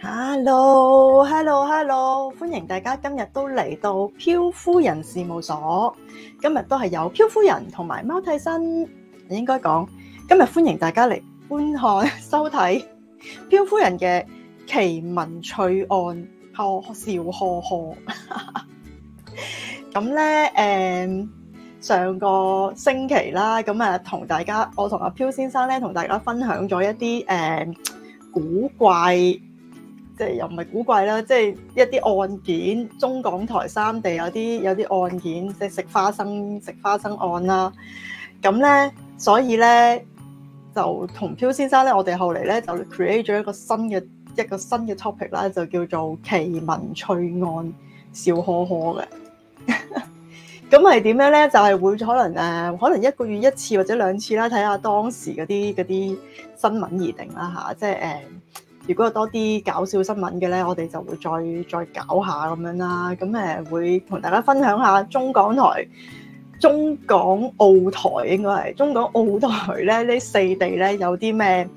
Hello，Hello，Hello！Hello, hello. 歡迎大家今日都嚟到漂夫人事務所。今日都係有漂夫人同埋貓替身，應該講今日歡迎大家嚟觀看收睇漂夫人嘅奇聞趣案，呵，笑呵呵。咁 咧，誒、嗯、上個星期啦，咁啊同大家，我同阿漂先生咧，同大家分享咗一啲誒、嗯、古怪。即係又唔係古怪啦，即係一啲案件，中港台三地有啲有啲案件，即係食花生食花生案啦。咁咧，所以咧就同漂先生咧，我哋後嚟咧就 create 咗一個新嘅一個新嘅 topic 啦，就叫做奇聞趣案笑呵呵嘅。咁係點樣咧？就係會可能誒，可能一個月一次或者兩次啦，睇下當時嗰啲嗰啲新聞而定啦吓，即係誒。就是呃如果有多啲搞笑新聞嘅咧，我哋就會再再搞下咁樣啦。咁誒會同大家分享下中港台、中港澳台應該係中港澳台咧呢四地咧有啲咩，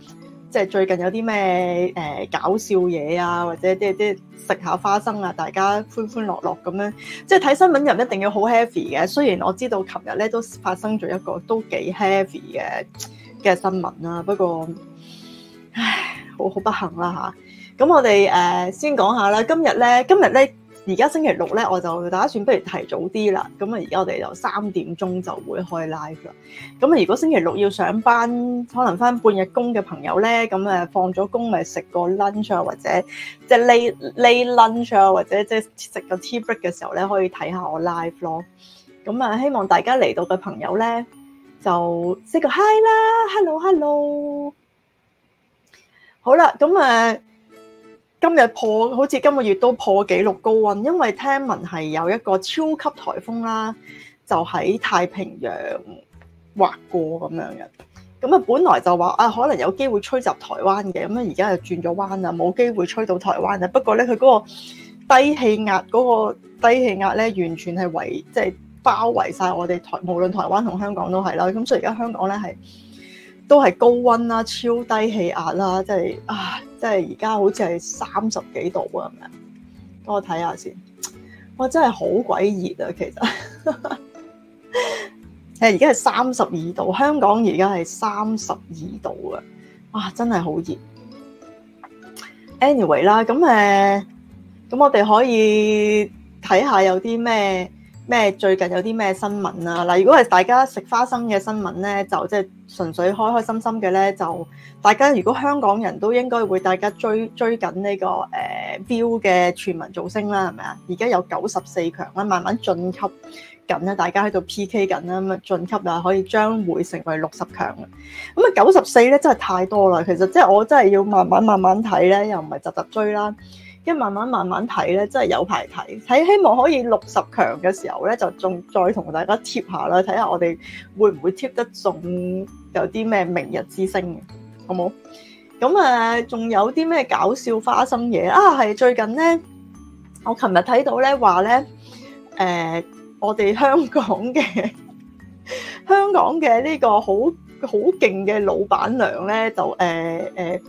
即係最近有啲咩誒搞笑嘢啊，或者即係啲食下花生啊，大家歡歡樂樂咁樣。即係睇新聞唔一定要好 heavy 嘅，雖然我知道琴日咧都發生咗一個都幾 heavy 嘅嘅新聞啦、啊，不過。好不幸啦、啊、吓，咁我哋誒先講下啦，今日咧，今日咧，而家星期六咧，我就打算不如提早啲啦。咁啊，而家我哋就三點鐘就會開 live 啦。咁啊，如果星期六要上班，可能返半日工嘅朋友咧，咁誒放咗工咪食個 lunch 啊，或者即係 lay lunch 啊，lunch，或者即係食個 tea break 嘅時候咧，可以睇下我 live 咯。咁啊，希望大家嚟到嘅朋友咧，就 say 個 hi 啦，hello hello。好啦，咁誒，今日破好似今個月都破紀錄高溫，因為聽聞係有一個超級颱風啦，就喺太平洋劃過咁樣嘅。咁啊，本來就話啊，可能有機會吹襲台灣嘅，咁樣而家又轉咗彎啦，冇機會吹到台灣啦。不過咧，佢嗰個低氣壓嗰、嗰個低氣壓咧，完全係圍即係、即係、包圍晒我哋台，無論台灣同香港都係啦。咁所以而家香港咧係，都係高溫啦，超低氣壓啦，即係啊，即係而家好似係三十幾度啊，咁樣，等我睇下先，哇，真係好鬼熱啊，其實，誒，而家係三十二度，香港而家係三十二度啊，哇，真係好熱。Anyway 啦，咁誒，咁我哋可以睇下有啲咩。咩最近有啲咩新聞啊嗱？如果係大家食花生嘅新聞咧，就即係純粹開開心心嘅咧，就大家如果香港人都應該會大家追追緊呢、這個誒 ViuTV 嘅全民造星啦，係咪啊？而家有九十四強啦，慢慢進級緊啦，大家喺度 PK 緊啦，咁啊進級又可以將會成為六十強。咁啊九十四咧真係太多啦，其實即係我真係要慢慢慢慢睇咧，又唔係集集追啦。跟住慢慢慢慢睇咧，真係有排睇。睇，希望可以六十強嘅時候咧，就仲再同大家貼下啦，睇下我哋會唔會貼得中有啲咩明日之星好冇？咁誒，仲有啲咩搞笑花生嘢啊？係最近咧，我琴日睇到咧話咧，誒、呃，我哋香港嘅香港嘅呢個好好勁嘅老闆娘咧，就誒誒。呃呃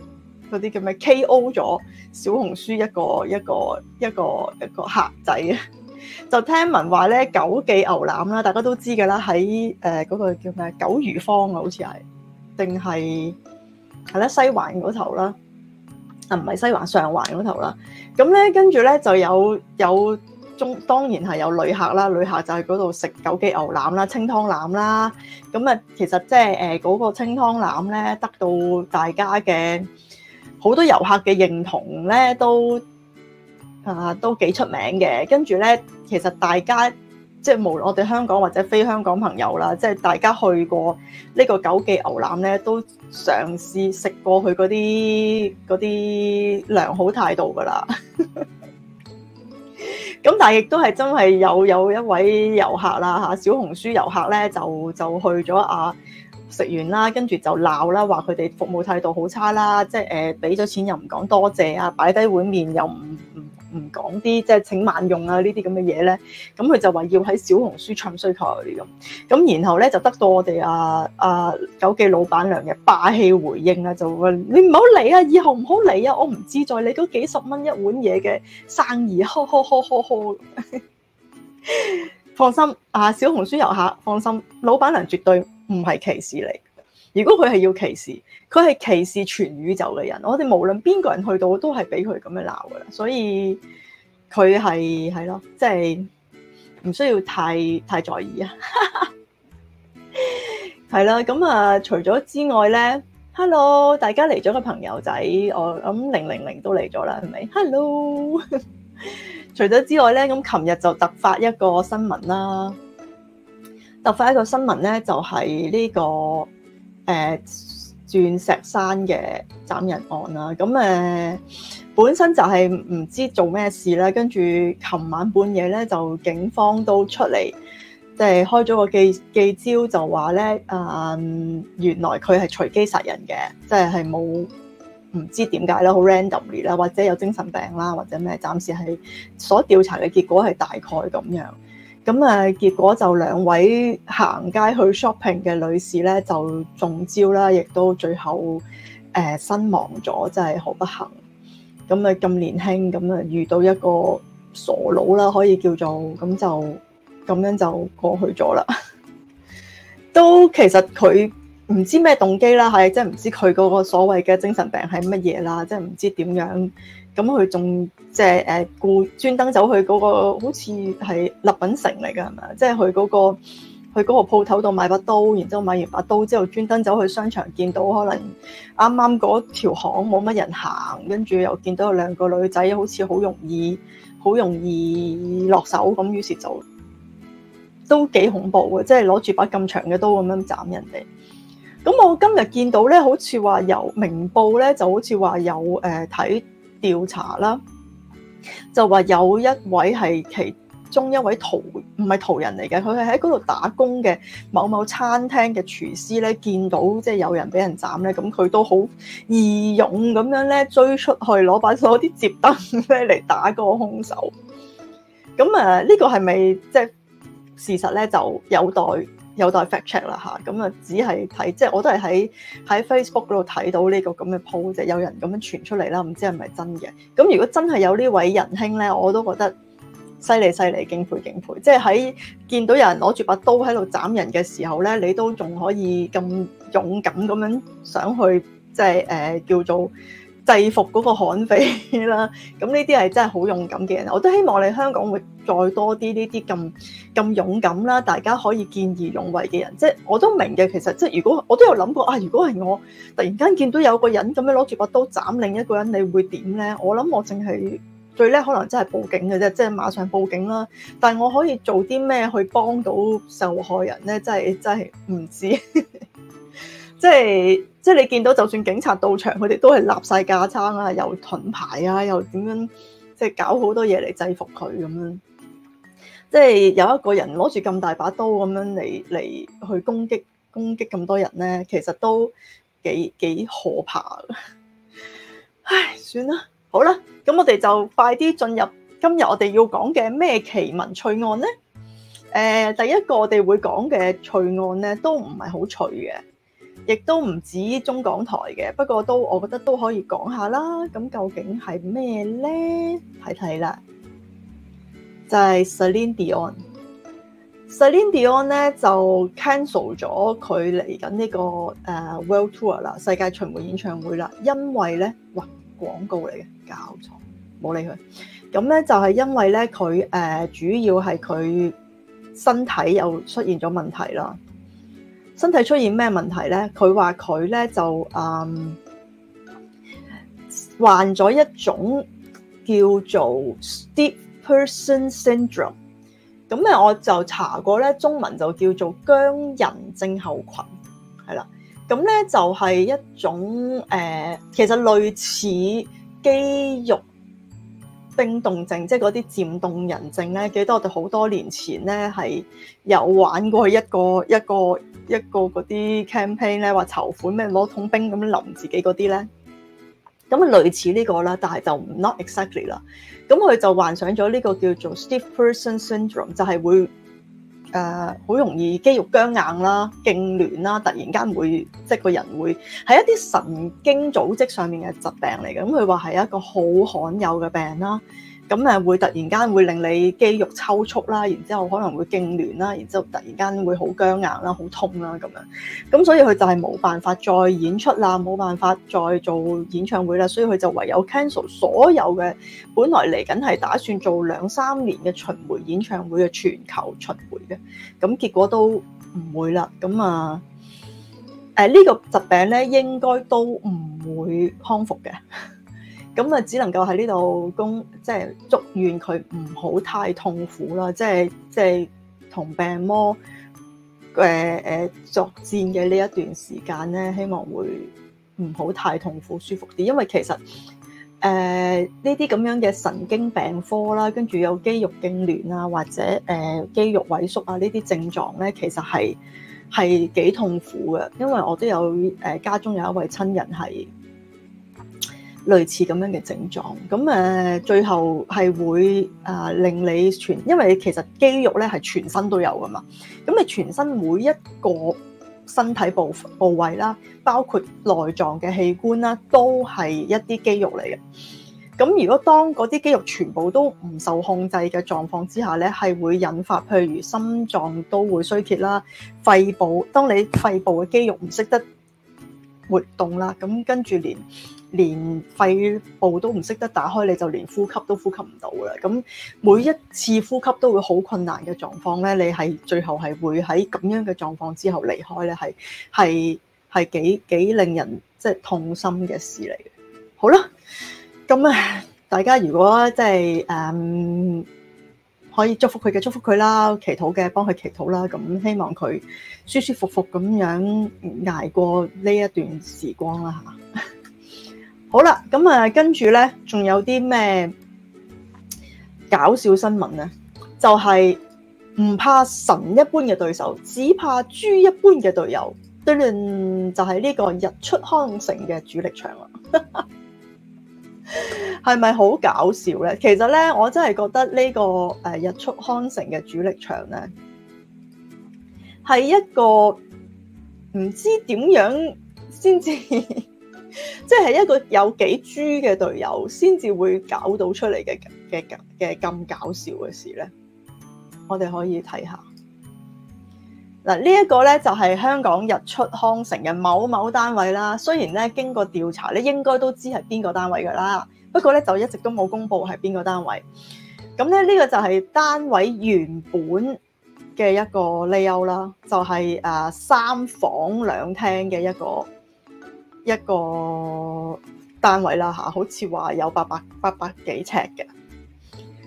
嗰啲叫咩 K.O. 咗小紅書一個一個一個一個，一個客仔啊，就聽聞話咧九記牛腩啦，大家都知㗎啦。喺誒嗰個叫咩九如坊啊，好似係定係係啦西環嗰頭啦啊，唔係西環上環嗰頭啦。咁咧跟住咧就有有中當然係有旅客啦，旅客就喺嗰度食九記牛腩啦、清湯腩啦。咁啊，其實即係誒嗰個清湯腩咧，得到大家嘅～好多遊客嘅認同咧，都啊都幾出名嘅。跟住咧，其實大家即係無論我哋香港或者非香港朋友啦，即係大家去過這個呢個九記牛腩咧，都嘗試食過佢嗰啲啲良好態度㗎啦。咁 但係亦都係真係有有一位遊客啦嚇，小紅書遊客咧就就去咗啊。食完啦，跟住就鬧啦，話佢哋服務態度好差啦，即係誒俾咗錢又唔講多謝啊，擺低碗麵又唔唔唔講啲即係請慢用啊這這呢啲咁嘅嘢咧，咁、嗯、佢就話要喺小紅書唱衰佢嗰咁，咁 particu-. 然後咧就得到我哋阿阿九記老闆娘嘅霸氣回應啦，就話你唔好嚟啊，以後唔好嚟啊，我唔知在你嗰幾十蚊一碗嘢嘅生意，呵呵呵呵呵，呵，放心啊，小紅書遊客，放心，老闆娘絕對。唔係歧視嚟，如果佢係要歧視，佢係歧視全宇宙嘅人。我哋無論邊個人去到，都係俾佢咁樣鬧噶啦。所以佢係係咯，即係唔需要太太在意啊。係 啦，咁啊，除咗之外咧，Hello，大家嚟咗個朋友仔，我諗零零零都嚟咗啦，係咪？Hello， 除咗之外咧，咁琴日就突發一個新聞啦。突發一個新聞咧，這個，就係呢個誒鑽石山嘅斬人案啦。咁誒、呃、本身就係唔知做咩事啦，跟住琴晚半夜咧就警方都出嚟，即係開咗個記記招，就話咧誒原來佢係隨機殺人嘅，即係係冇唔知點解啦，好 randomly 啦，或者有精神病啦，或者咩，暫時係所調查嘅結果係大概咁樣。咁啊，結果就兩位行街去 shopping 嘅女士咧，就中招啦，亦都最後誒、呃、身亡咗，真係好不幸！咁啊咁年輕，咁啊遇到一個傻佬啦，可以叫做咁就咁樣就過去咗啦。 都其實佢唔知咩動機啦，係即係唔知佢嗰個所謂嘅精神病係乜嘢啦，即係唔知點樣。咁佢仲即係誒顧，專登走去嗰個好似係立品城嚟噶，係咪？即係去嗰個去嗰個鋪頭度買把刀，然之後買完把刀之後，專登走去商場見到可能啱啱嗰條巷冇乜人行，跟住又見到有兩個女仔，好似好容易好容易落手咁，於是就都幾恐怖嘅，即係攞住把咁長嘅刀咁樣斬人哋。咁我今日見到咧，好似話由明報咧，就好似話有誒睇。呃調查啦，就話有一位係其中一位途唔係途人嚟嘅，佢係喺嗰度打工嘅某某餐廳嘅廚師咧，見到即係有人俾人斬咧，咁佢都好義勇咁樣咧追出去攞把攞啲折凳咧嚟打個兇手。咁啊，呢個係咪即係事實咧？就有待。有待 fact check 啦吓，咁啊只係睇，即係我都係喺喺 Facebook 度睇到呢個咁嘅 post，有人咁樣傳出嚟啦，唔知係咪真嘅。咁如果真係有呢位仁兄咧，我都覺得犀利犀利，敬佩敬佩。即係喺見到有人攞住把刀喺度斬人嘅時候咧，你都仲可以咁勇敢咁樣想去，即係誒叫做制服嗰個悍匪啦。咁呢啲係真係好勇敢嘅人，我都希望你香港會。再多啲呢啲咁咁勇敢啦，大家可以見義勇為嘅人，即係我都明嘅。其實即係如果我都有諗過啊，如果係我突然間見到有個人咁樣攞住把刀斬另一個人，你會點咧？我諗我淨係最叻可能真係報警嘅啫，即係馬上報警啦。但係我可以做啲咩去幫到受害人咧？真係真係唔知道 即。即係即係你見到，就算警察到場，佢哋都係立晒架撐啊，又盾牌啊，又點樣，即係搞好多嘢嚟制服佢咁樣。即係有一個人攞住咁大把刀咁樣嚟嚟去攻擊攻擊咁多人咧，其實都幾幾可怕。唉，算啦，好啦，咁我哋就快啲進入今日我哋要講嘅咩奇聞趣案咧？誒、呃，第一個我哋會講嘅趣案咧，都唔係好趣嘅，亦都唔止中港台嘅，不過都我覺得都可以講下啦。咁究竟係咩咧？睇睇啦。就係、是、Celine Dion，Celine Dion 咧 Dion 就 cancel 咗佢嚟緊呢個誒、uh, World Tour 啦，世界巡迴演唱會啦，因為咧，哇，廣告嚟嘅，搞錯，冇理佢。咁咧就係因為咧佢誒主要係佢身體又出現咗問題啦。身體出現咩問題咧？佢話佢咧就嗯、um, 患咗一種叫做 stiff Person syndrome，咁咧我就查過咧，中文就叫做僵人症候群，係啦，咁咧就係一種誒、呃，其實類似肌肉冰凍症，即係嗰啲漸凍人症咧。記得我哋好多年前咧係有玩過一個一個一個嗰啲 campaign 咧，話籌款咩攞桶冰咁淋自己嗰啲咧。咁類似呢、這個啦，但係就唔 not exactly 啦。咁佢就患上咗呢個叫做 stiff person syndrome，就係會誒好、呃、容易肌肉僵硬啦、痙攣啦，突然間會即係個人會係一啲神經組織上面嘅疾病嚟嘅。咁佢話係一個好罕有嘅病啦。咁誒會突然間會令你肌肉抽搐啦，然之後可能會痙攣啦，然之後突然間會好僵硬啦、好痛啦咁樣。咁所以佢就係冇辦法再演出啦，冇辦法再做演唱會啦，所以佢就唯有 cancel 所有嘅本來嚟緊係打算做兩三年嘅巡迴演唱會嘅全球巡迴嘅。咁結果都唔會啦。咁啊誒呢個疾病咧應該都唔會康復嘅。咁啊，只能夠喺呢度恭，即、就、係、是、祝願佢唔好太痛苦啦。即係即係同病魔誒誒、呃、作戰嘅呢一段時間咧，希望會唔好太痛苦，舒服啲。因為其實誒呢啲咁樣嘅神經病科啦，跟住有肌肉痙攣啊，或者誒、呃、肌肉萎縮啊呢啲症狀咧，其實係係幾痛苦嘅。因為我都有誒、呃、家中有一位親人係。類似咁樣嘅症狀，咁誒最後係會誒令你全，因為其實肌肉咧係全身都有㗎嘛，咁你全身每一個身體部部位啦，包括內臟嘅器官啦，都係一啲肌肉嚟嘅。咁如果當嗰啲肌肉全部都唔受控制嘅狀況之下咧，係會引發譬如心臟都會衰竭啦，肺部，當你肺部嘅肌肉唔識得。活動啦，咁跟住連連肺部都唔識得打開，你就連呼吸都呼吸唔到啦。咁每一次呼吸都會好困難嘅狀況咧，你係最後係會喺咁樣嘅狀況之後離開咧，係係係幾幾令人即係痛心嘅事嚟嘅。好啦，咁啊，大家如果即係誒。可以祝福佢嘅祝福佢啦，祈禱嘅幫佢祈禱啦，咁希望佢舒舒服服咁樣挨過呢一段時光啦。吓， 好啦，咁啊跟住咧仲有啲咩搞笑新聞咧？就係、是、唔怕神一般嘅對手，只怕豬一般嘅隊友。對聯就係、是、呢個日出康城嘅主力場啦。 係咪好搞笑咧？其實咧，我真係覺得呢個誒日出康城嘅主力牆咧，係一個唔知點樣先至，即 係一個有幾豬嘅隊友先至會搞到出嚟嘅嘅嘅咁搞笑嘅事咧。我哋可以睇下嗱，這個、呢一個咧就係、是、香港日出康城嘅某某單位啦。雖然咧經過調查，你應該都知係邊個單位㗎啦。不過咧就一直都冇公布，係邊個單位，咁咧呢個就係單位原本嘅一個 layout 啦，就係啊三房兩廳嘅一個一個單位啦嚇，好似話有八百八百幾尺嘅，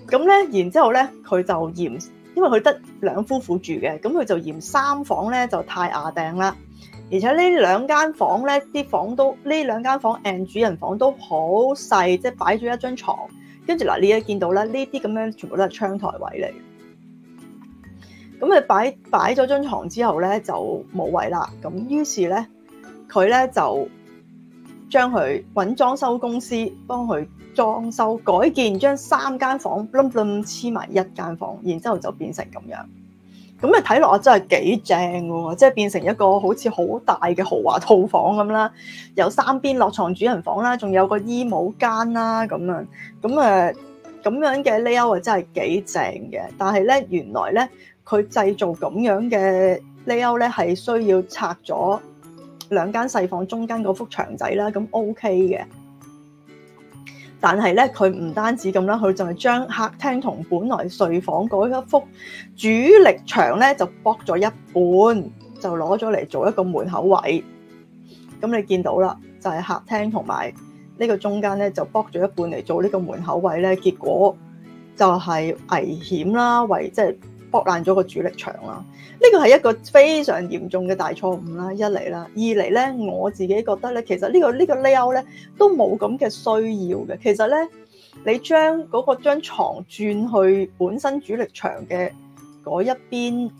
咁咧然之後咧佢就嫌，因為佢得兩夫婦住嘅，咁佢就嫌三房咧就太瓦頂啦。而且呢兩間房咧，啲房都呢兩間房 and 主人房都好細，即係擺咗一張床。跟住嗱，你一見到咧，呢啲咁樣全部都係窗台位嚟。咁咪擺擺咗張床之後咧，就冇位啦。咁於是咧，佢咧就將佢揾裝修公司幫佢裝修改建，將三間房 boom boom 黐埋一間房，然之後就變成咁樣。咁啊，睇落啊，真係幾正喎！即係變成一個好似好大嘅豪華套房咁啦，有三邊落床主人房啦，仲有一個衣帽間啦咁樣。咁誒咁樣嘅 layout 啊，的真係幾正嘅。但係咧，原來咧，佢製造咁樣嘅 layout 咧，係需要拆咗兩間細房中間嗰幅牆仔啦。咁 OK 嘅。但係咧，佢唔單止咁啦，佢就係將客廳同本來睡房嗰一幅主力牆咧，就剝咗一半，就攞咗嚟做一個門口位。咁你見到啦，就係、是、客廳同埋呢個中間咧，就剝咗一半嚟做呢個門口位咧，結果就係危險啦，為即係。就是駁爛咗個主力牆啦，呢個係一個非常嚴重嘅大錯誤啦。一嚟啦，二嚟咧，我自己覺得咧、呢個呢個，其實呢個呢個 layout 咧都冇咁嘅需要嘅。其實咧，你將嗰、嗰個張牀轉去本身主力牆嘅嗰一邊。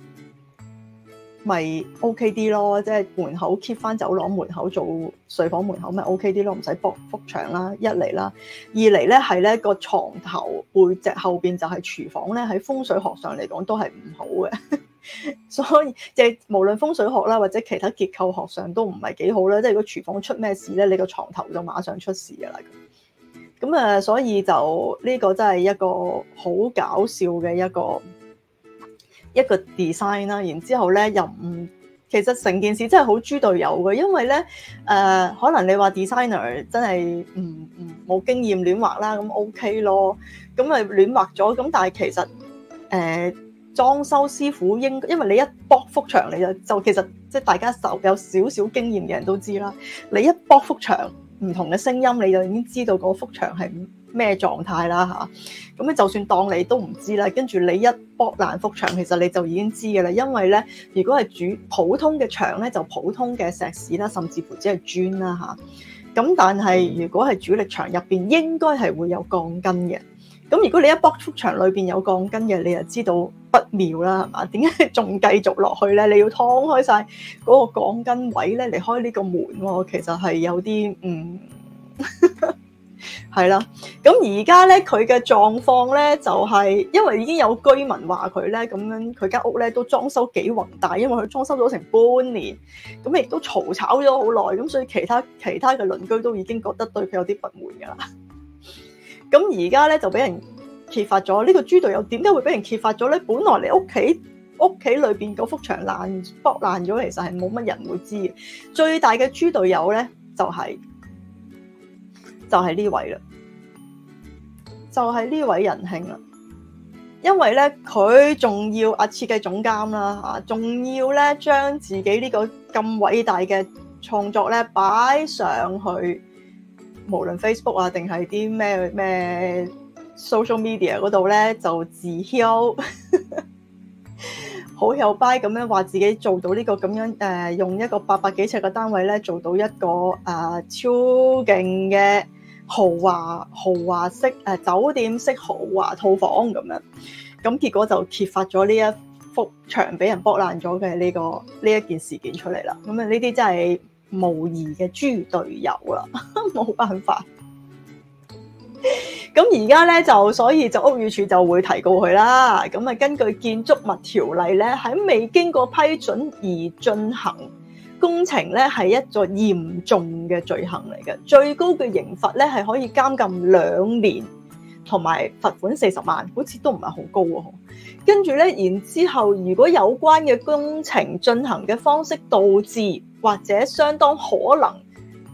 咪 OK 啲咯，即係門口 keep 翻走廊門口做睡房門口咪 OK 啲咯，唔使卜覆牆啦，一嚟啦，二嚟咧係咧，個床頭背脊後邊就係廚房咧，喺風水學上嚟講都係唔好嘅， 所以即係無論風水學啦或者其他結構學上都唔係幾好啦。即係如果廚房出咩事咧，你個床頭就馬上出事噶啦，咁啊，所以就呢個真係一個好搞笑嘅一個。一個 design 啦，然之後咧又唔，其實成件事真係好豬隊友嘅，因為咧誒、呃，可能你話 designer 真係唔唔冇經驗亂畫啦，咁、嗯、OK 咯，咁咪亂畫咗，咁但係其實誒裝、呃、修師傅應該因為你一剝幅牆，你就就其實即係大家有少少經驗嘅人都知啦，你一剝幅牆。唔同嘅聲音，你就已經知道嗰幅牆係咩狀態啦嚇。咁咧，就算當你都唔知啦，跟住你一剝爛幅牆，其實你就已經知嘅啦。因為咧，如果係主普通嘅牆咧，就普通嘅石屎啦，甚至乎只係磚啦嚇。咁但係如果係主力牆入邊，應該係會有鋼筋嘅。咁如果你一搏出牆裏邊有鋼筋嘅，你就知道不妙啦，係嘛？點解仲繼續落去咧？你要劏開晒嗰個鋼筋位咧，離開呢個門、哦，其實係有啲嗯，係 啦。咁而家咧，佢嘅狀況咧就係、是、因為已經有居民話佢咧，咁樣佢間屋咧都裝修幾宏大，因為佢裝修咗成半年，咁亦都嘈吵咗好耐，咁所以其他其他嘅鄰居都已經覺得對佢有啲不滿噶啦。咁而家咧就俾人揭發咗，呢、呢個豬隊友點解會俾人揭發咗咧？本來你屋企屋企裏邊嗰幅牆爛剝爛咗，其實係冇乜人會知嘅。最大嘅豬隊友咧就係就係呢位啦，就係、係、呢、就係、位仁兄啦，因為咧佢仲要啊設計總監啦嚇，仲要咧將自己呢個咁偉大嘅創作咧擺上去。無論 Facebook 啊，定係啲咩咩 social media 嗰度咧，就自謙好有 buy 咁樣話自己做到呢個咁樣誒、呃，用一個八百幾尺嘅單位咧，做到一個啊、呃、超勁嘅豪華豪華式誒、呃、酒店式豪華套房咁樣，咁結果就揭發咗呢一幅牆俾人剝爛咗嘅呢個呢一件事件出嚟啦。咁啊，呢啲真係～無疑嘅豬隊友啦，冇辦法。咁而家咧就所以就屋宇署就會提告佢啦。咁啊，根據建築物條例咧，喺未經過批准而進行工程咧，係一個嚴重嘅罪行嚟嘅。最高嘅刑罰咧係可以監禁兩年，同埋罰款四十萬，好似都唔係好高啊。跟住咧，然之後，然後如果有關嘅工程進行嘅方式導致，或者相當可能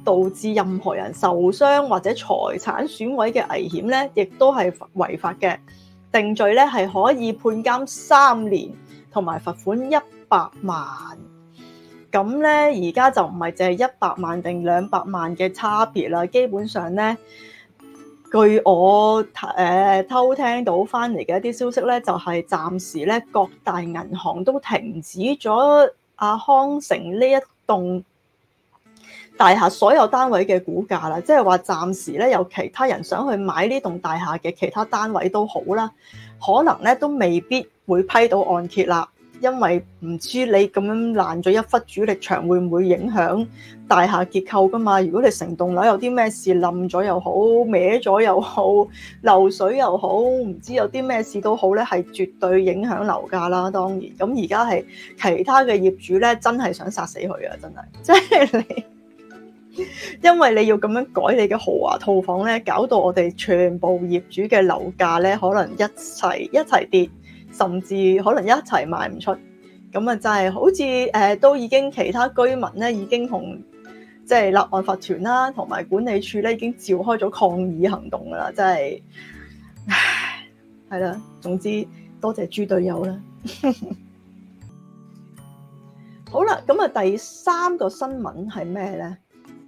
導致任何人受傷或者財產損毀嘅危險咧，亦都係違法嘅。定罪咧係可以判監三年同埋罰款一百萬。咁咧，而家就唔係淨係一百萬定兩百萬嘅差別啦。基本上咧，據我誒、呃、偷聽到翻嚟嘅一啲消息咧，就係、是、暫時咧各大銀行都停止咗阿康城呢一棟大廈所有單位嘅估價啦，即係話暫時咧有其他人想去買呢棟大廈嘅其他單位都好啦，可能咧都未必會批到按揭啦。因為唔知你咁樣爛咗一忽主力牆會唔會影響大廈結構噶嘛？如果你成棟樓有啲咩事冧咗又好，歪咗又好，漏水又好，唔知有啲咩事都好咧，係絕對影響樓價啦。當然，咁而家係其他嘅業主咧，真係想殺死佢啊！真係，即係你，因為你要咁樣改你嘅豪華套房咧，搞到我哋全部業主嘅樓價咧，可能一齊一齊跌。甚至可能一齊賣唔出，咁啊，就係好似誒都已經其他居民咧，已經同即係立案法團啦，同埋管理處咧，已經召開咗抗議行動噶啦，真係唉，係啦。總之多謝豬隊友啦。 好啦，咁啊，第三個新聞係咩咧？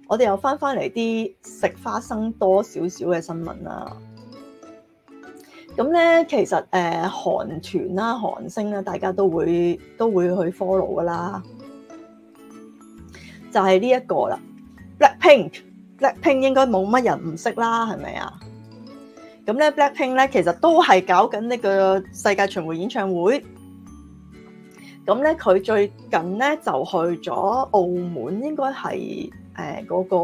我哋又翻翻嚟啲食花生多少少嘅新聞啦。咁咧，其實誒韓團啦、韓星啦，大家都會都會去 follow 噶啦，就係呢一個啦。Blackpink，Blackpink Blackpink 應該冇乜人唔識啦，係咪啊？咁咧，Blackpink 咧，其實都係搞緊呢個世界巡回演唱會。咁咧，佢最近咧就去咗澳門應該是，應該係誒嗰個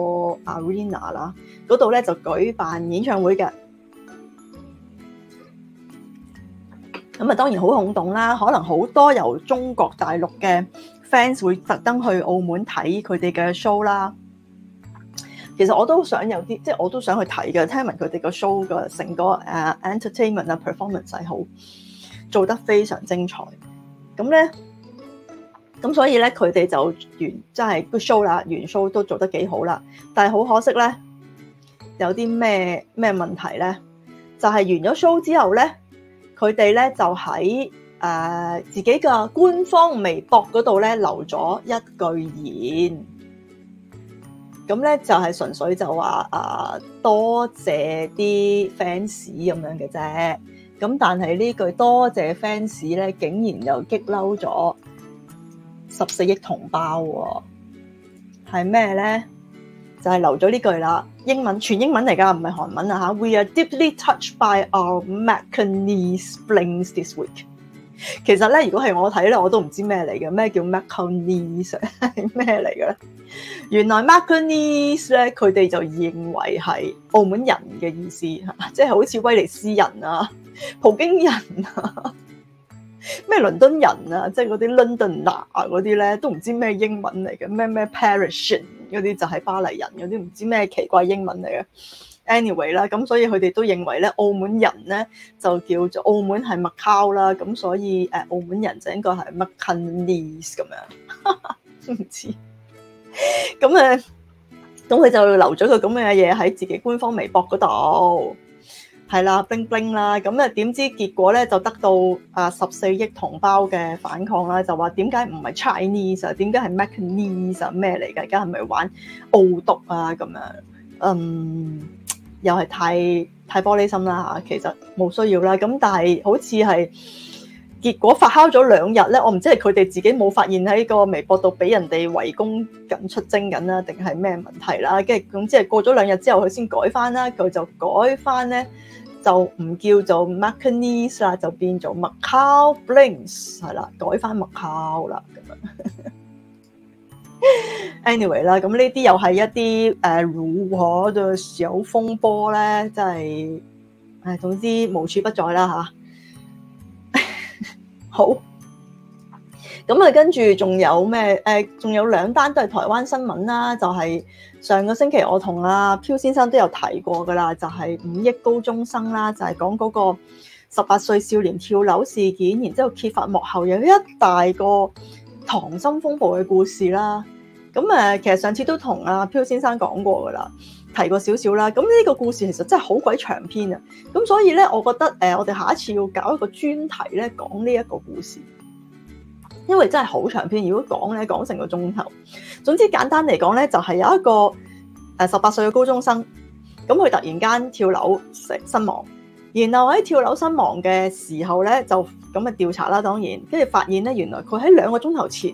Arena 啦，嗰度咧就舉辦演唱會嘅。咁啊，當然好恐動啦！可能好多由中國大陸嘅 fans 會特登去澳門睇佢哋嘅 show 啦。其實我都想有啲，即係我都想去睇嘅。聽聞佢哋個 show 嘅成個誒 entertainment 啊 performance 係好做得非常精彩。咁咧，咁所以咧佢哋就完，即係 show 啦，完 show 都做得幾好啦。但係好可惜咧，有啲咩咩問題咧？就係、是、完咗 show 之後咧。佢哋咧就喺誒、呃、自己嘅官方微博嗰度咧留咗一句言，咁咧就係純粹就話啊、呃、多謝啲 fans 咁樣嘅啫。咁但係呢句多謝 fans 咧，竟然又激嬲咗十四億同胞喎、哦。係咩咧？就係、是、留咗呢句啦。英文，全英文嚟㗎，唔係韓文啊吓 We are deeply touched by our Macanese BLINKs this week。其實咧，如果係我睇咧，我都唔知咩嚟嘅。咩叫 Macanese？係咩嚟嘅？咧？原來 Macanese 咧，佢哋就認為係澳門人嘅意思嚇，即係好似威尼斯人啊、葡京人啊、咩倫敦人啊，即係嗰啲 Londoner 啊嗰啲咧，都唔知咩英文嚟嘅，咩咩 Parisian 嗰啲就係巴黎人，嗰啲唔知咩奇怪的英文嚟嘅，Anyway 啦，咁所以佢哋都認為咧，澳門人咧就叫做澳門係 Macau 啦，咁所以誒澳門人就應該係 Macanese 咁樣，唔 知道。咁誒，咁佢就留咗個咁嘅嘢喺自己官方微博嗰度。係啦，冰冰啦，咁咧點知結果咧就得到啊十四億同胞嘅反抗啦，就話點解唔係 Chinese 啊？點解係 Macanese 咩嚟㗎？而家係咪玩澳獨啊？咁樣，嗯，又係太太玻璃心啦嚇，其實冇需要啦。咁但係好似係結果發酵咗兩日咧，我唔知係佢哋自己冇發現喺個微博度俾人哋圍攻緊出征緊啦，定係咩問題啦？跟住總之係過咗兩日之後佢先改返啦，佢就改返咧。就唔叫做 Macanese 啦，就變做 Macao BLINKs，係啦，改翻 Macao 啦咁樣。Anyway 啦，咁呢啲又係一啲誒如何嘅小風波咧，真係誒，總之無處不在啦，嚇！好。咁啊，跟住仲有咩？誒，仲有兩單都係台灣新聞啦，就係、是、上個星期我同阿漂先生都有提過㗎喇，就係、是、五億高中生啦，就係講嗰個十八歲少年跳樓事件，然之後揭發幕後有一大個溏心風暴嘅故事啦。咁誒，其實上次都同阿漂先生講過㗎喇，提過少少啦。咁、這、呢個故事其實真係好鬼長篇啊。咁所以咧，我覺得誒，我哋下一次要搞一個專題咧，講呢一個故事。因為真係好長篇，如果講咧講成個鐘頭。總之簡單嚟講咧，就係、是、有一個誒十八歲嘅高中生，咁佢突然間跳樓死身亡，然後喺跳樓身亡嘅時候咧，就咁嘅調查啦。當然，跟住發現咧，原來佢喺兩個鐘頭前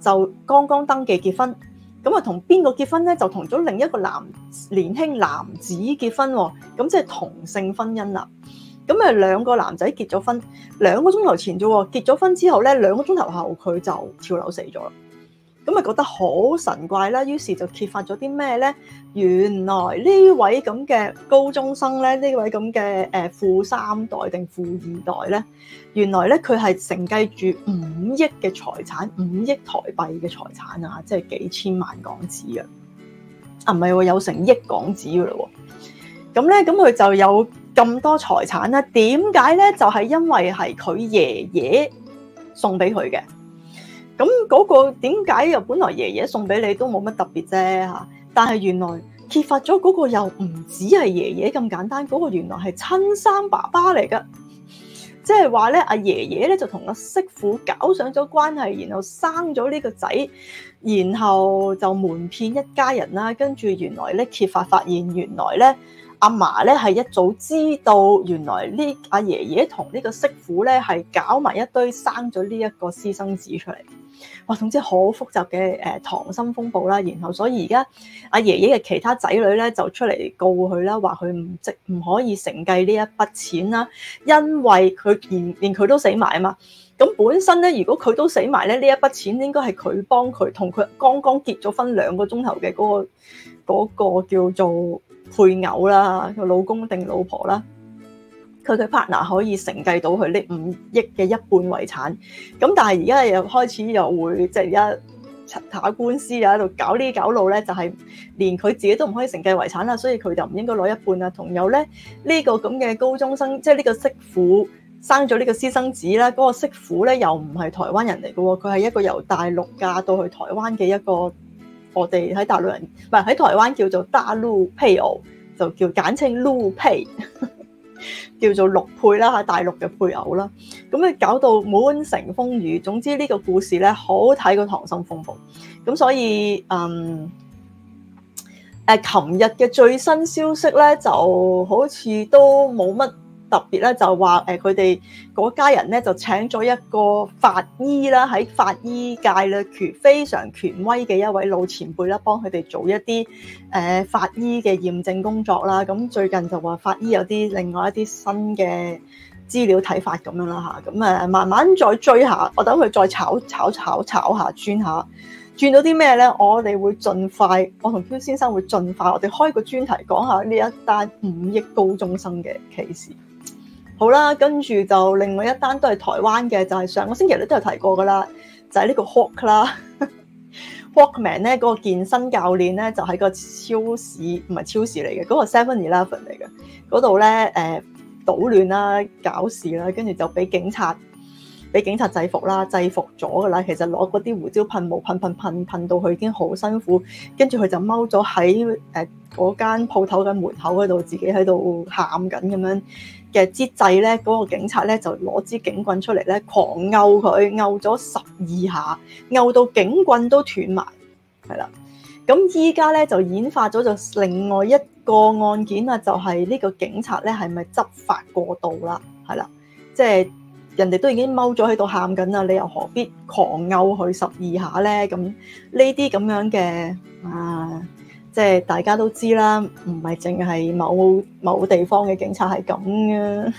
就剛剛登記結婚，咁啊同邊個結婚咧？就同咗另一個男年輕男子結婚喎，咁即係同性婚姻啦。咁咪兩個男仔結咗婚，兩個鐘頭前啫喎，結咗婚之後咧，兩個鐘頭後佢就跳樓死咗。咁咪覺得好神怪啦，於是就揭發咗啲咩咧？原來呢位咁嘅高中生咧，呢位咁嘅誒富三代定富二代咧，原來咧佢係承繼住五億嘅財產，五億台幣嘅財產啊，即係幾千萬港紙啊。啊，唔係喎，有成億港紙㗎喇喎！咁咧，咁佢就有咁多財產咧。點解咧？就係、是、因為係佢爺爺送俾佢嘅。咁嗰個點解又本來爺爺送俾你都冇乜特別啫吓？但係原來揭發咗嗰個又唔止係爺爺咁簡單，嗰、那個原來係親生爸爸嚟㗎。即係話咧，阿爺爺咧就同阿媳婦搞上咗關係，然後生咗呢個仔，然後就瞞騙一家人啦。跟住原來咧揭發發現，原來咧。阿嫲咧係一早知道，原來呢阿、啊、爺爺同呢個媳婦咧係搞埋一堆，生咗呢一個私生子出嚟。哇，總之好複雜嘅誒溏心風暴啦。然後所以而家阿爺爺嘅其他仔女咧就出嚟告佢啦，話佢唔值唔可以承繼呢一筆錢啦，因為佢連連佢都死埋啊嘛。咁本身咧，如果佢都死埋咧，呢一筆錢應該係佢幫佢同佢剛剛結咗婚兩個鐘頭嘅嗰、那個嗰、那個叫做，配偶啦，個老公定老婆啦，佢嘅 partner 可以承繼到佢呢五億嘅一半遺產。咁但係而家又開始又會即係而家打官司啊，喺度搞，搞呢搞路咧，就係、是、連佢自己都唔可以承繼遺產啦，所以佢就唔應該攞一半啦。同有咧呢、這個咁嘅高中生，即係呢個媳婦生咗呢個私生子啦，嗰、那個媳婦咧又唔係台灣人嚟嘅喎，佢係一個由大陸嫁到去台灣嘅一個。我哋喺大陸人，唔係喺台灣叫做大陸配偶，就叫簡稱陸配，叫做陸配啦，喺大陸嘅配偶啦，咁咧搞到滿城風雨。總之呢個故事咧，好睇過《溏心風暴》。咁所以，嗯，誒、啊，琴日嘅最新消息咧，就好似都冇乜。特別咧就話誒，佢哋嗰家人咧就請咗一個法醫啦，喺法醫界咧權非常權威嘅一位老前輩啦，幫佢哋做一啲誒、呃、法醫嘅驗證工作啦。咁最近就話法醫有啲另外一啲新嘅資料睇法咁樣啦嚇，咁啊慢慢再追下，我等佢再炒炒炒炒，炒一下轉下轉到啲咩咧？我哋會盡快，我同 p 先生會盡快，我哋開個專題講下呢一單五億高中生嘅歧視。好啦，跟住就另外一單都係台灣嘅，就係、是、上個星期我都有提過㗎喇，就係、是、呢個 Hawk 啦，Hawkman 咧、那個健身教練咧，就喺、是、個超市唔係超市嚟嘅，嗰、那個 Seven Eleven 嚟嘅嗰度咧，倒、呃、搗亂啦、搞事啦，跟住就俾警察俾警察制服啦，制服咗㗎喇。其實攞嗰啲胡椒噴霧噴噴噴噴到佢已經好辛苦，跟住佢就踎咗喺嗰間鋪頭嘅門口嗰度，自己喺度喊緊咁樣。嘅節制咧，嗰個警察咧就攞支警棍出嚟咧，狂毆佢，毆咗十二下，毆到警棍都斷埋，係啦。咁依家咧就演化咗就另外一個案件啊，就係呢個警察咧係咪執法過度啦？係啦，即係人哋都已經踎咗喺度喊緊啦，你又何必狂毆佢十二下咧？咁呢啲咁樣嘅啊～即係大家都知啦，唔係淨係某某地方嘅警察係咁嘅。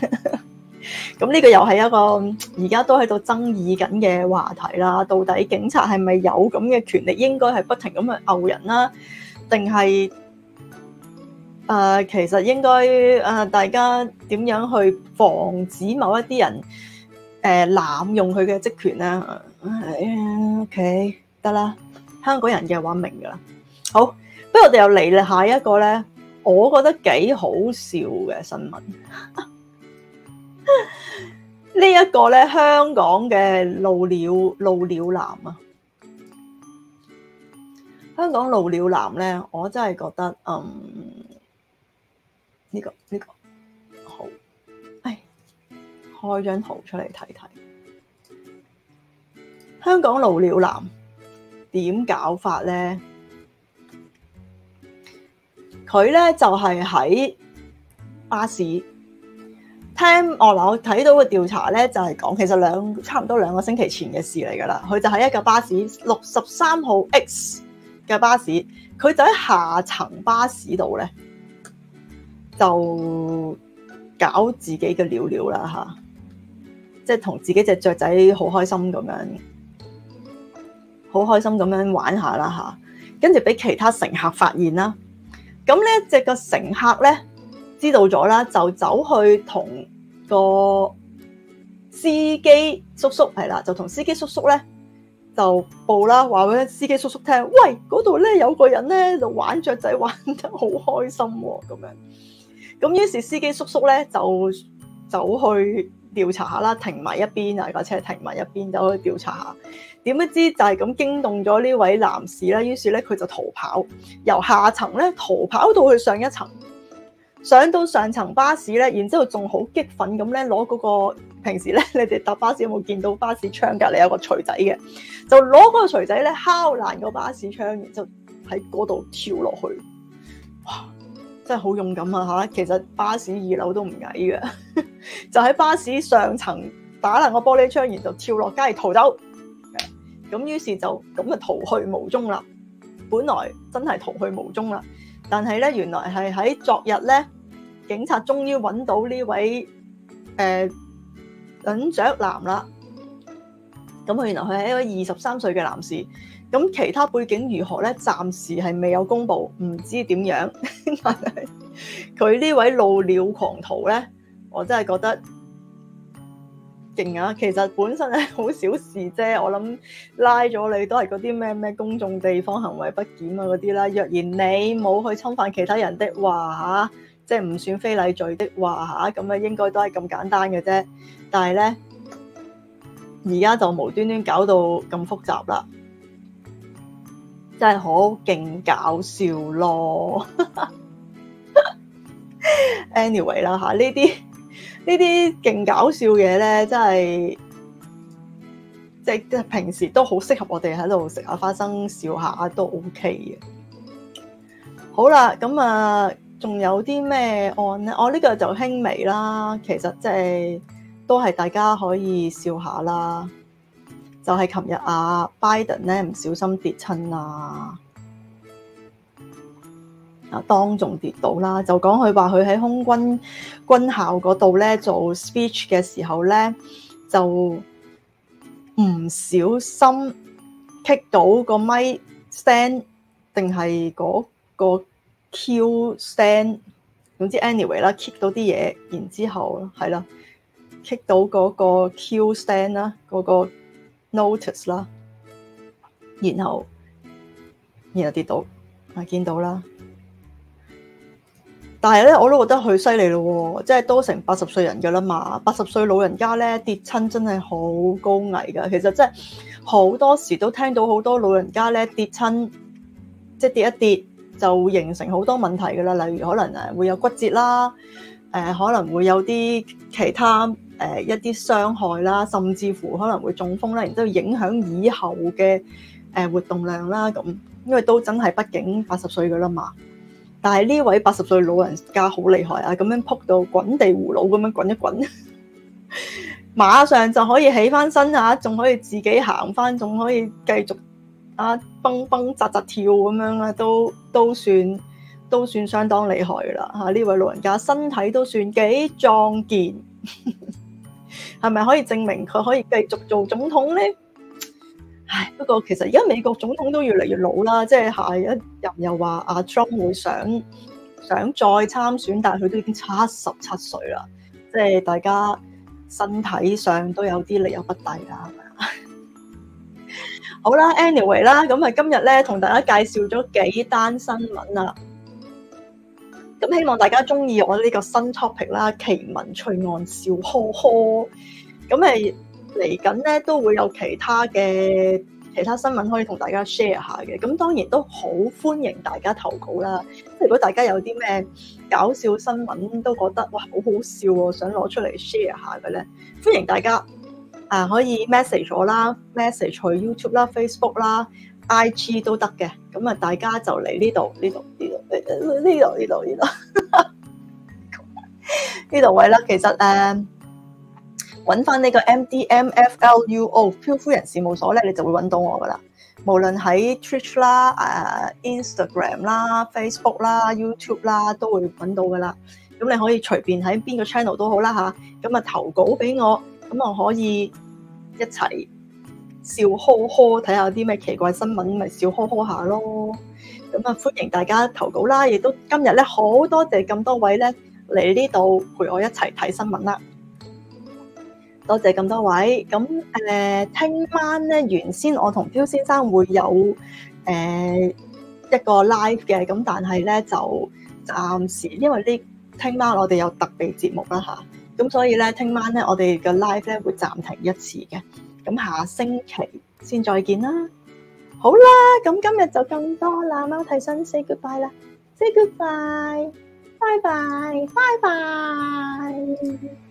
咁 呢個又係一個而家都喺度爭議緊嘅話題啦。到底警察係咪有咁嘅權力，應該係不停咁去毆人啦，定係啊？其實應該啊、呃，大家點樣去防止某一啲人誒、呃、濫用佢嘅職權咧，哎？OK，得啦，香港人嘅話明㗎啦，好。不如我哋又嚟下一個咧，我覺得幾好笑嘅新聞。 這呢一個咧，香港嘅露鳥露鳥男啊！香港露鳥男咧，我真係覺得嗯，呢、呢個呢、呢個好，唉，開張圖出嚟睇睇。香港露鳥男點搞法咧？佢咧就係、是、喺巴士聽我啦。我睇到個調查咧，就係、是、講其實兩差唔多兩個星期前嘅事嚟㗎喇。佢就喺一架巴士六十三號 X 嘅巴士，佢就喺下層巴士度咧，就搞自己嘅鳥鳥啦，嚇、啊！即係同自己隻雀仔好開心咁樣，好開心咁樣玩下啦，嚇、啊。跟住俾其他乘客發現啦。咁呢一隻個乘客咧知道咗啦，就走去同個司機叔叔係啦，就同司機叔叔咧就報啦，話俾司機叔叔聽，喂，嗰度咧有個人咧就玩雀仔玩得好開心，啊，咁樣。咁於是司機叔叔咧就走去調查下啦，停埋一邊啊，架車停埋一邊，走去調查下。點不知就係咁驚動咗呢位男士啦，於是咧佢就逃跑，由下層咧逃跑到去上一層，上到上層巴士咧，然之後仲好激憤咁咧，攞嗰個平時咧你哋搭巴士有冇見到巴士窗隔離有個錘仔嘅，就攞嗰個錘仔咧敲爛個巴士窗，然之後喺嗰度跳落去，哇！真係好勇敢啊嚇！其實巴士二樓都唔矮嘅， 就喺巴士上層打爛個玻璃窗，然後就跳落街逃走。咁於是就咁啊逃去無蹤啦！本來真係逃去無蹤啦，但係咧原來係喺昨日咧，警察終於揾到呢位誒忍者男啦。咁佢原來佢係一位二十三歲嘅男士。咁其他背景如何咧？暫時係未有公佈，唔知點樣。但係佢呢位露鳥狂徒咧，我真係覺得。勁啊！其實本身係好小事啫，我諗拉咗你都係嗰啲咩咩公眾地方行為不檢啊嗰啲啦。若然你冇去侵犯其他人的話嚇，即係唔算非禮罪的話嚇，咁啊應該都係咁簡單嘅啫。但係咧，而家就無端端搞到咁複雜啦，真係好勁搞笑咯。Anyway 啦嚇，呢啲。呢啲勁搞笑嘢咧，真係即係平時都好適合我哋喺度食下花生笑下都 OK 嘅。好啦，咁啊，仲有啲咩案咧？我呢個就輕微啦，其實即係都係大家可以笑下啦。就係琴日啊，Biden 咧，唔小心跌親啊！當眾跌倒啦！就講佢話佢喺空軍軍校嗰度咧做 speech 嘅時候咧，就唔小心 kick 到個麥 stand，定係嗰個 Q stand。總之 anyway 啦，kick 到啲嘢，然之後係啦，kick 到嗰個 Q stand 啦，嗰個 notice 啦，然後然後跌倒，啊見到啦。但係咧，我都覺得佢犀利咯，即係都成八十歲人嘅啦嘛。八十歲老人家咧跌親真係好高危噶，其實即係好多時都聽到好多老人家咧跌親，即係跌一跌就形成好多問題噶啦。例如可能誒會有骨折啦，誒、呃、可能會有啲其他誒、呃、一啲傷害啦，甚至乎可能會中風啦，然之後影響以後嘅誒、呃、活動量啦咁，因為都真係畢竟八十歲嘅啦嘛。但係呢位八十歲的老人家好厲害啊！咁樣撲到滾地葫蘆咁樣滾一滾，馬上就可以起翻身啊，仲可以自己行翻，仲可以繼續啊蹦蹦扎扎跳咁樣啦，都都算都算相當厲害啦吓！呢位老人家身體都算幾壯健，係咪可以證明佢可以繼續做總統呢？不過其實而家美國總統都越嚟越老啦，即係下一任又話阿 Trump 會想想再參選，但係佢都已經七十七歲啦，即係大家身體上都有啲力有不逮啦，係咪啊？好啦，Anyway 啦，咁係今日咧同大家介紹咗幾單新聞啊，咁希望大家中意我呢個新 topic 啦，奇聞趣案笑呵呵，咁係。嚟緊咧都會有其他嘅其他新聞可以同大家 share 下嘅，咁當然都好歡迎大家投稿啦。如果大家有啲咩搞笑新聞都覺得哇好好笑喎、哦，想攞出嚟 share 下嘅咧，歡迎大家啊可以 message 我啦、啊、，message 去 YouTube, YouTube 啦、Facebook 啦、IG 都得嘅。咁啊，大家就嚟呢度、呢度、呢度、呢度、呢度、呢度、呢度位啦。其實誒。Uh, 揾翻呢個 MDMFLUO 漂夫人事務所咧，你就會揾到我噶啦。無論喺 Twitch 啦、uh,、誒 Instagram 啦、Facebook 啦、YouTube 啦，都會揾到噶啦。咁你可以隨便喺邊個 channel 都好啦吓，咁啊，投稿俾我，咁我可以一齊笑呵呵睇下啲咩奇怪新聞，咪笑呵呵下咯。咁啊，歡迎大家投稿啦！亦都今日咧，好多謝咁多位咧嚟呢度陪我一齊睇新聞啦。多謝咁多位，咁誒聽晚咧原先我同刁先生會有、呃、一個 live 嘅，咁但係咧就暫時，因為呢聽晚我哋有特備節目啦吓，咁所以咧聽晚咧我哋個 live 咧會暫停一次嘅，咁下星期先再見啦。好啦，咁今日就咁多啦，貓睇提 say goodbye 啦，say goodbye，bye bye，bye bye。